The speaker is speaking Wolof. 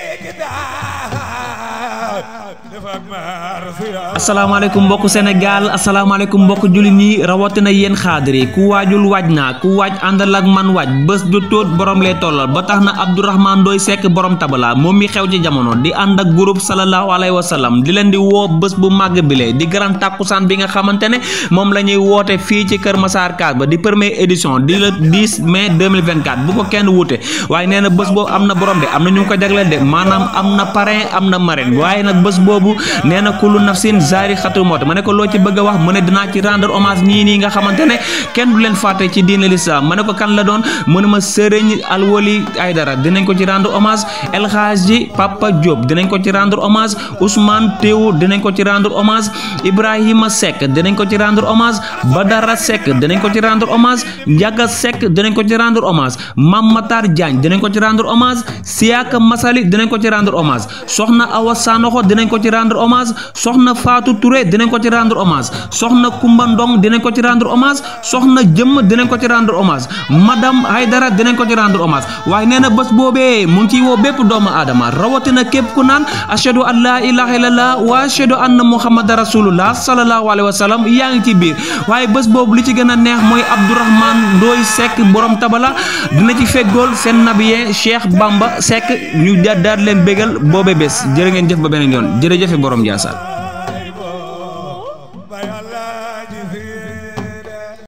Take it down. Assalamualaikum mbokku Senegal, Assalamualaikum mbokku jullit ñi rawatina yéen xaadir yi ku waajul waaj naa ku waaj àndal ak man waaj bés du tóot borom lay tollal ba tax na Abdourahmane Ndoye Seck borom tabala moom mi xew ci jamono di ànd ak groupe sallallahu alayhi wa di leen di woo bés bu màgg bi lee di grand tàkkusaan bi nga xamante ne moom la ñuy ci Kër Massar kaas di di le 10 mai 2024 bu ko kenn wuute waaye nee na bés amna borom de am ñu ko de parrain marraine boobu nee na kullu nafsin zaariqatul mawt ma ne ko loo ci bëgg a wax mu ne dinaa ci rendre hommage ñii nii nga xamante ne kenn du leen fàtte ci diine l'islam ma ne ko kan la doon mu ne ma sëriñ alwali aydara dinañ ko ci rendre hommage El Hadji Papa Diop dinañ ko ci rendre hommage Ousmane Tewu dinañ ko ci rendre hommage Ibrahima Seck dinañ ko ci rendre hommage Badara sekk dinañ ko ci rendre hommage Ndiaga sekk dinañ ko ci rendre hommage Mame Matar Diagne dinañ ko ci rendre hommage Siaka Masali dinañ ko ci rendre hommage ko ci rendre hommage soxna faatu ture dinañ ko ci rendre hommage soxna Kumba Ndong dinañ ko ci rendre hommage soxna Jëmm dinañ ko ci rendre hommage madame Haydara dinañ ko ci rendre hommage waaye nee na bés boobee mu ngi ciy woo bépp doomu aadama rawatina képp ku naan ashhadu an laa ilaaha illallah wa ashhadu anna muhammadan rasulullah sallallahu alayhi wa sallam yaa ngi ci biir waaye bés boobu li ci gën a neex mooy Abdourahmane Ndoye Seck borom tabala dina ci feggool seen nabiyee Cheikh Bamba Seck ñu daal leen bégal boobee bés jërë ngeen jëf ba beneen yoon jërëjëfe boroom Ndiassane